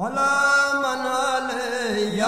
على من علي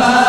la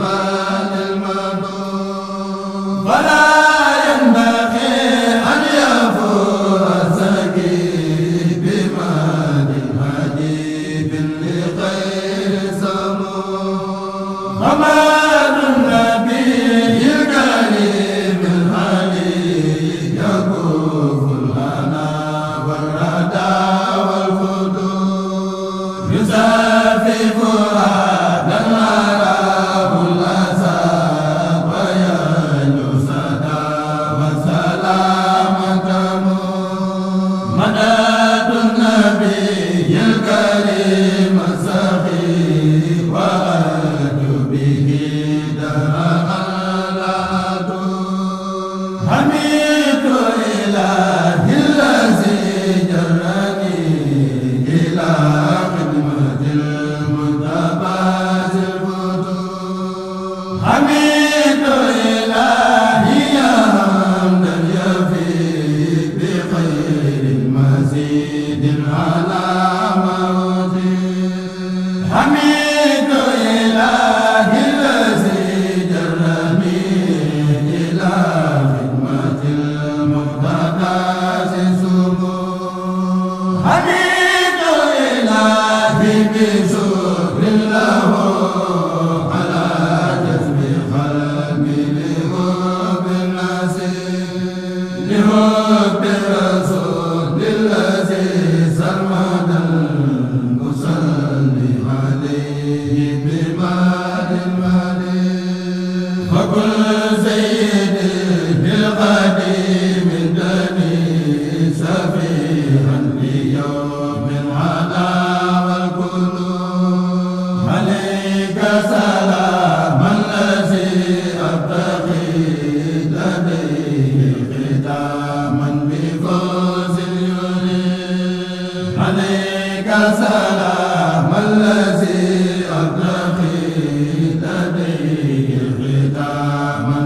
fa fa ma